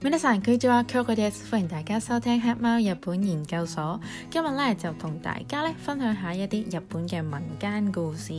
news 歡迎大家收聽黑貓日本研究所。今日咧就同大家咧分享下一啲日本嘅民間故事。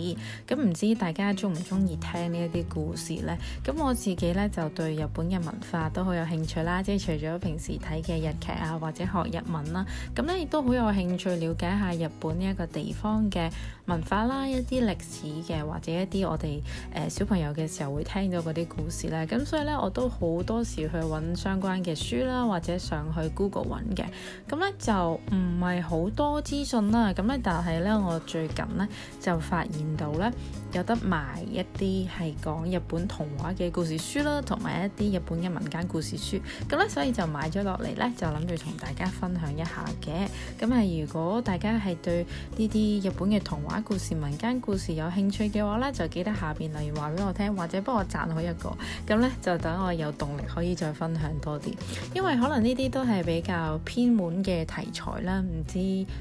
咁、嗯、唔知大家中唔中意聽呢一啲故事咧？咁、嗯、我自己咧就對日本嘅文化都好有興趣啦。即係除咗平時睇嘅日劇啊，或者學日文啦、啊，咁咧亦都好有興趣了解下日本呢一個地方嘅文化啦，一啲歷史嘅，或者一啲我哋誒、呃、小朋友嘅時候會聽到嗰啲故事咧。咁、嗯、所以咧，我都好多時去搵相關嘅書啦，或者上去 Google 揾嘅，咁呢就唔係好多資訊啦。咁咧，但係呢，我最近呢就發現到呢，有得賣一啲係講日本童話嘅故事書啦，同埋一啲日本嘅民間故事書。咁呢，所以就買咗落嚟呢，就諗住同大家分享一下嘅。咁啊，如果大家係對呢啲日本嘅童話故事、民間故事有興趣嘅話呢，就記得下邊留言話俾我聽，或者幫我讚好一個。咁呢，就等我有動力可以再分享。多啲，因為可能呢啲都係比較偏門嘅題材啦，唔知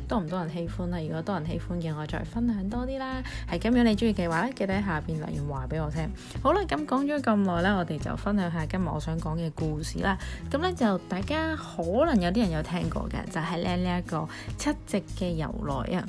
多唔多人喜歡啦。如果多人喜歡嘅，我再分享多啲啦。係咁樣，你中意嘅話咧，記得喺下邊留言話俾我聽。好啦，咁講咗咁耐啦，我哋就分享下今日我想講嘅故事啦。咁咧就大家可能有啲人有聽過嘅，就係咧呢一個七夕嘅由來啊。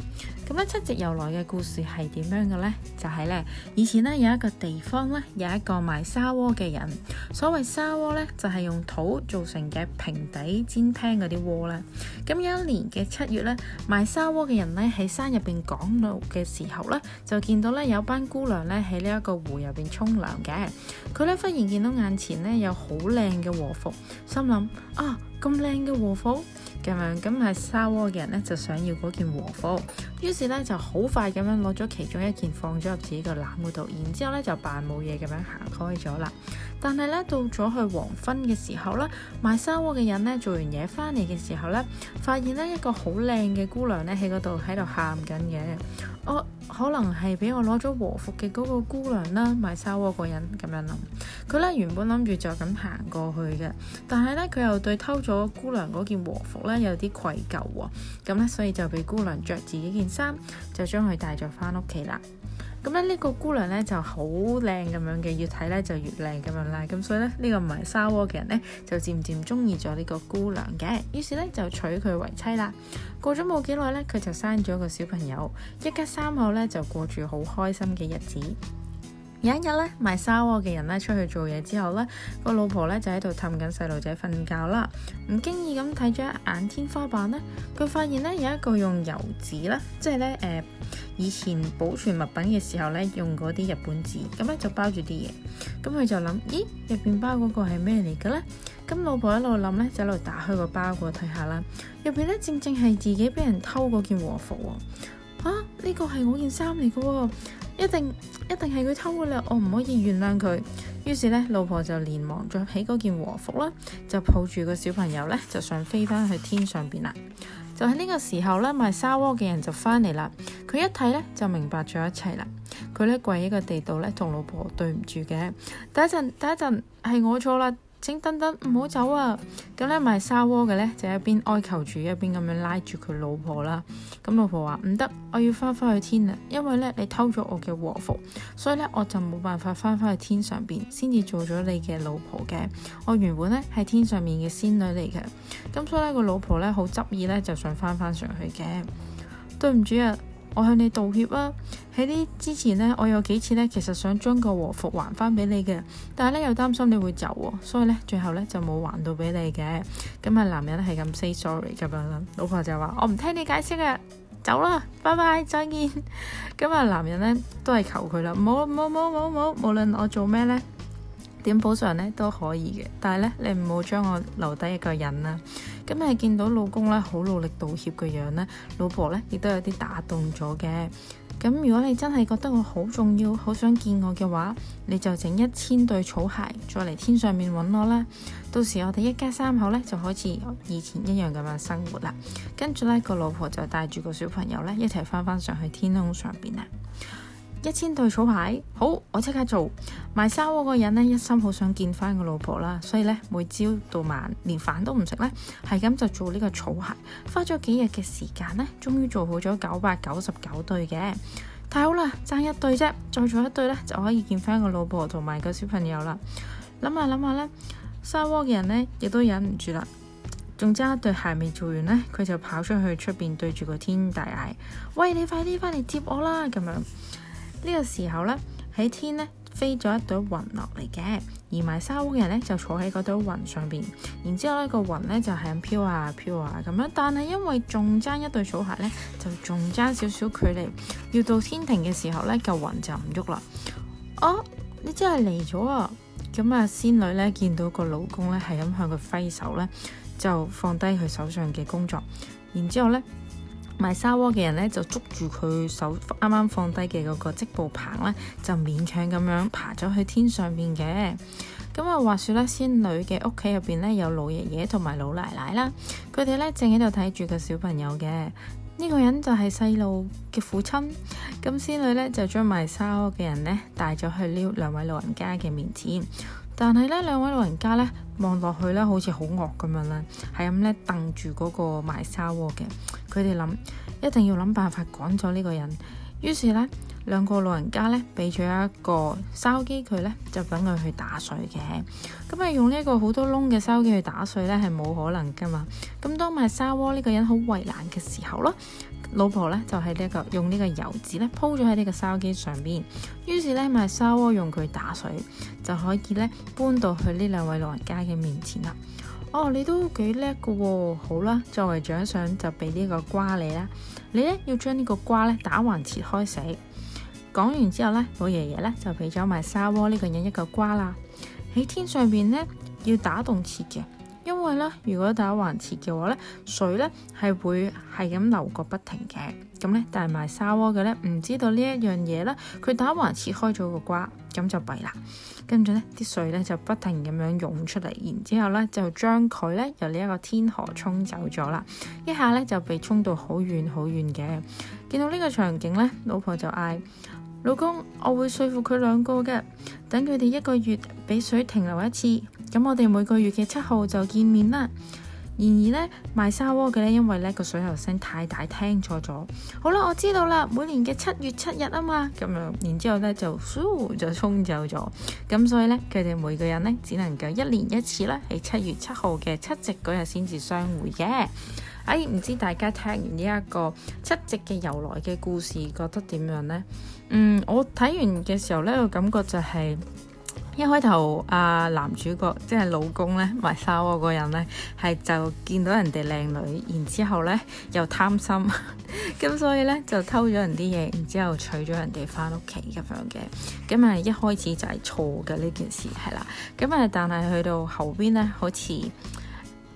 咁咧七夕由來嘅故事係點樣嘅呢？就係呢，以前呢，有一個地方呢，有一個賣砂鍋嘅人，所謂砂鍋呢，就係用做成嘅平底煎 pan 嗰啲鍋呢，咁有一年嘅七月呢，賣砂鍋嘅人呢喺山入邊趕路嘅時候呢，就見到呢有班姑娘呢喺呢一個湖入邊沖涼嘅，佢呢忽然見到眼前呢有好靚嘅和服，心諗啊，咁靚嘅和服，咁樣咁賣砂鍋嘅人呢就想要嗰件和服。於是咧就好快咁樣攞咗其中一件放咗入自己個籃度，然之後咧就扮冇嘢咁樣行開咗啦。但係咧到咗去黃昏嘅時候咧，賣砂鍋嘅人咧做完嘢翻嚟嘅時候咧，發現咧一個好靚嘅姑娘咧喺嗰度喺度喊緊嘅。哦，可能係俾我攞咗和服嘅嗰個姑娘啦，賣砂鍋嗰人咁樣諗。佢咧原本諗住就咁行過去嘅，但係咧佢又對偷咗姑娘嗰件和服咧有啲愧疚喎、哦。咁咧所以就俾姑娘着自己件衫就將佢帶咗返屋企啦。咁咧呢個姑娘咧就好靚咁樣嘅，越睇咧就越靚咁樣啦。咁所以咧呢、呢個唔係砂鍋嘅人咧，就漸漸中意咗呢個姑娘嘅，於是咧就娶佢為妻啦。過咗冇幾耐咧，佢就生咗個小朋友，一家三口咧就過住好開心嘅日子。有一日咧，賣砂鍋嘅人咧出去做嘢之後咧，個老婆咧就喺度氹緊細路仔瞓覺啦。唔經意咁睇咗一眼天花板咧，佢發現咧有一個用油紙啦，即係咧誒以前保存物品嘅時候咧用嗰啲日本紙，咁咧就包住啲嘢。咁佢就諗，咦，入邊包嗰個係咩嚟嘅咧？咁老婆一路諗咧，就一路打開個包過睇下啦。入邊咧正正係自己俾人偷嗰件和服喎、啊。啊，呢個係我件衫嚟嘅喎。一定一定係佢偷嘅啦，我唔可以原諒佢。於是咧，老婆就連忙着起嗰件和服啦，就抱住個小朋友咧，就想飛翻去天上邊啦。就喺呢個時候咧，賣砂鍋嘅人就翻嚟啦。佢一睇咧，就明白咗一切啦。佢咧跪喺個地度咧，同老婆對唔住嘅。等一陣，等一陣，係我錯啦。請等等，唔好走啊！咁咧賣砂鍋嘅咧就一邊哀求住一邊咁樣拉住佢老婆啦。咁老婆話唔得，我要翻返去天啦，因為咧你偷咗我嘅和服，所以咧我就冇辦法翻返去天上邊，先至做咗你嘅老婆嘅。我原本咧係天上面嘅仙女嚟嘅。咁所以咧個老婆咧好執意咧就想翻返上去嘅。對唔住啊！我向你道歉啊！喺呢之前呢，我有幾次呢，其實想將個和服還翻俾你嘅，但係呢又擔心你會走喎，啊，所以呢，最後呢就冇還到俾你嘅。咁、嗯、啊，男人係咁 say sorry 咁樣啦，老婆就話我唔聽你解釋啊，走啦，拜拜再見。咁 啊、嗯，男人呢都係求佢啦，冇冇冇冇冇，無論我做咩呢，點補償呢都可以嘅，但係呢，你唔好將我留低一個人啊！咁係見到老公咧，好努力道歉嘅樣，呢老婆呢亦都有啲打動咗嘅。咁如果你真係覺得我好重要，好想見我嘅話，你就整一千對草鞋，再嚟天上面搵我啦。到時我哋一家三口呢，就好似以前一樣咁樣生活啦。跟住呢個老婆就帶住個小朋友呢，一齊翻返上去天空上邊啊！一千對草鞋，好，我即刻做。賣沙鍋嗰人呢，一心好想見翻個老婆啦，所以呢，每朝到晚連飯都唔食呢，係咁就做呢個草鞋。花咗幾日嘅時間呢，終於做好咗九百九十九對嘅，太好啦！爭一對啫，再做一對呢，就可以見翻個老婆同埋個小朋友啦。諗下諗下呢，沙鍋嘅人呢，亦都忍唔住啦，仲爭一對鞋未做完呢，佢就跑出去出邊對住個天大嗌：喂，你快啲返嚟接我啦！咁樣。呢個時候呢，喺天呢飛咗一朵雲落嚟嘅，而埋沙屋嘅人呢就坐喺嗰朵雲上邊。然之後呢個雲呢就係咁飄啊飄啊咁樣，但係因為仲爭一對草鞋呢，就仲爭少少距離，要到天庭嘅時候呢，個雲就唔喐啦。哦，你真係嚟咗啊！咁啊，仙女呢，見到個老公呢係咁向佢揮手呢，就放低佢手上嘅工作，然之後呢。賣沙窩嘅人咧，就捉住佢手啱啱放低嘅嗰個織布棚咧，就勉強咁樣爬咗去天上邊嘅。咁、嗯、啊，話説咧，仙女嘅屋企入邊咧有老爺爺同埋老奶奶啦，佢哋咧正喺度睇住個小朋友嘅。呢、這個人就係細路嘅父親。咁、嗯、仙女咧就將賣沙窩嘅人咧帶咗去呢兩位老人家嘅面前，但係咧兩位老人家咧望落去咧好似好惡咁樣啦，係咁咧瞪住嗰個賣沙窩嘅。佢哋諗，一定要諗辦法趕走呢個人。於是呢兩個老人家呢，俾咗一個筲箕，佢呢就等佢去打水嘅。咁、嗯、係用呢一個好多窿嘅筲箕去打水呢，係冇可能噶嘛。咁、嗯、當賣砂鍋呢個人好為難嘅時候咯，老婆呢就喺呢、這個用呢個油紙呢鋪咗喺呢個筲箕上邊。於是呢，賣砂鍋用佢打水，就可以呢搬到去呢兩位老人家嘅面前啦。哦，你都幾叻㗎喎，好啦，作為獎賞就俾呢個瓜你啦。你呢，要將呢個瓜咧打橫切開食。講完之後呢，老爺爺呢，就俾咗埋沙窩呢個人一個瓜啦。喺天上邊呢，要打戙切嘅。因為咧，如果打橫切嘅話咧，水咧係會係咁流個不停嘅。咁咧，但係賣砂鍋嘅咧唔知道呢一樣嘢咧，佢打橫切開咗個瓜，咁就弊啦。跟住咧，啲水咧就不停咁樣湧出嚟，然之後咧就將佢咧由呢一個天河沖走咗啦。一下咧就被沖到好遠好遠嘅。見到呢個場景咧，老婆就嗌：老公，我會說服佢兩個嘅，等佢哋一個月俾水停留一次。咁我哋每個月嘅七號就見面啦。然而呢，賣砂鍋嘅咧，因為呢個水喉聲太大，聽錯咗。好啦，我知道啦，每年嘅七月七日啊嘛，咁樣，然之後呢，就咻就沖走咗。咁所以呢，佢哋每個人呢，只能夠一年一次啦，喺七月七號嘅七夕嗰日先至相會嘅。哎，唔知大家聽完呢一個七夕嘅由來嘅故事，覺得點樣呢？嗯，我睇完嘅時候呢，個感覺就係、是、～一開頭，阿、啊、男主角即係老公咧，埋沙窩嗰人咧，係就見到人哋靚女，然之後咧又貪心，咁 所以咧就偷咗人啲嘢，然之後娶咗人哋返屋企咁樣嘅。咁啊，一開始就係錯嘅呢件事係啦。咁啊，但係去到後邊咧，好似誒、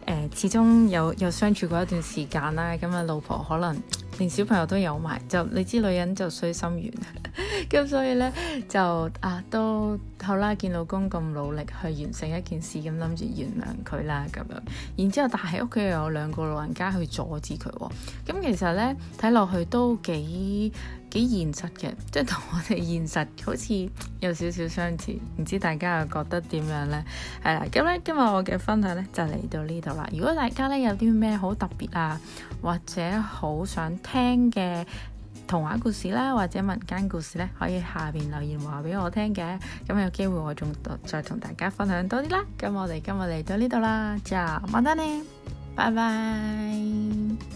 呃、始終有有相處過一段時間啦。咁啊，老婆可能。連小朋友都有埋，就你知女人就衰心軟，咁 所以呢，就啊都好啦，見老公咁努力去完成一件事，咁諗住原諒佢啦咁樣。然之後，但係屋企又有兩個老人家去阻止佢喎、哦。咁、嗯、其實呢，睇落去都幾～幾現實嘅，即係同我哋現實好似有少少相似，唔知大家又覺得點樣呢？係啦，咁咧今日我嘅分享呢就嚟到呢度啦。如果大家呢有啲咩好特別啊，或者好想聽嘅童話故事啦、啊，或者民間故事呢，可以下邊留言話俾我聽、啊、嘅。咁有機會我仲再同大家分享多啲啦。咁我哋今日嚟到呢度啦，就晚安你，拜拜。